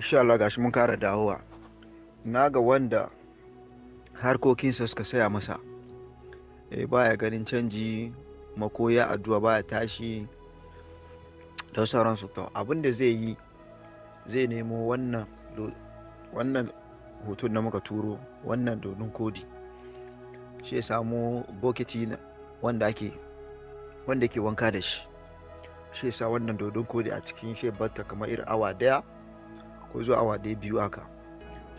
insha Allah gashi mun kara dawowa na ga wanda harkokinsa suka saya masa e, baya ganin canji makoya addu'a baya tashi da sauransu to abin da zai yi zai nemo wannan wannan hoton da muka turo wannan dodon kodi shi ya samo bokiti wanda ake wanda ke wanka da shi shi ya sa wannan dodon kodi a cikin shi batta kamar irin awa daya ko zuwa awa ɗaya biyu haka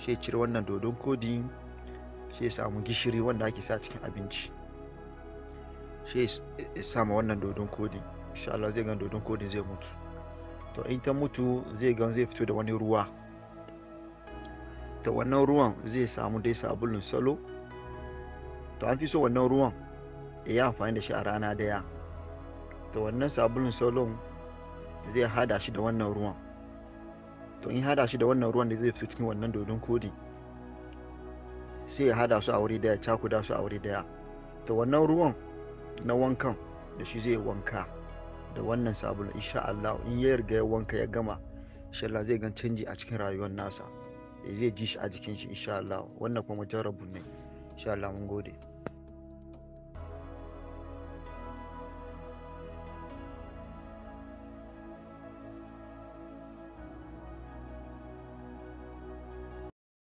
sai cire wannan dodon kodi sai samu gishiri wanda ake sa cikin abinci sai sama wannan dodon kodi insha Allah zai gan dodon kodin zai mutu to in ta mutu zai gan zai fito da wani ruwa ta wannan ruwan zai samu dai sabulun salo to an fi so wannan ruwan ya yi amfani da shi a rana daya Ta wannan sabulun salon zai hada shi da wannan ruwan to in hada shi da wannan ruwan da zai fito cikin wannan dodon kodi sai ya hada su a wuri daya cakuda su a wuri daya to wannan ruwan na wankan da shi zai wanka da wannan sabulu insha Allah in ya yarga ya wanka ya gama insha Allah zai gan canji a cikin rayuwar nasa eh, zai ji shi a jikin shi insha Allah wannan kuma mujarrabu ne insha Allah mun gode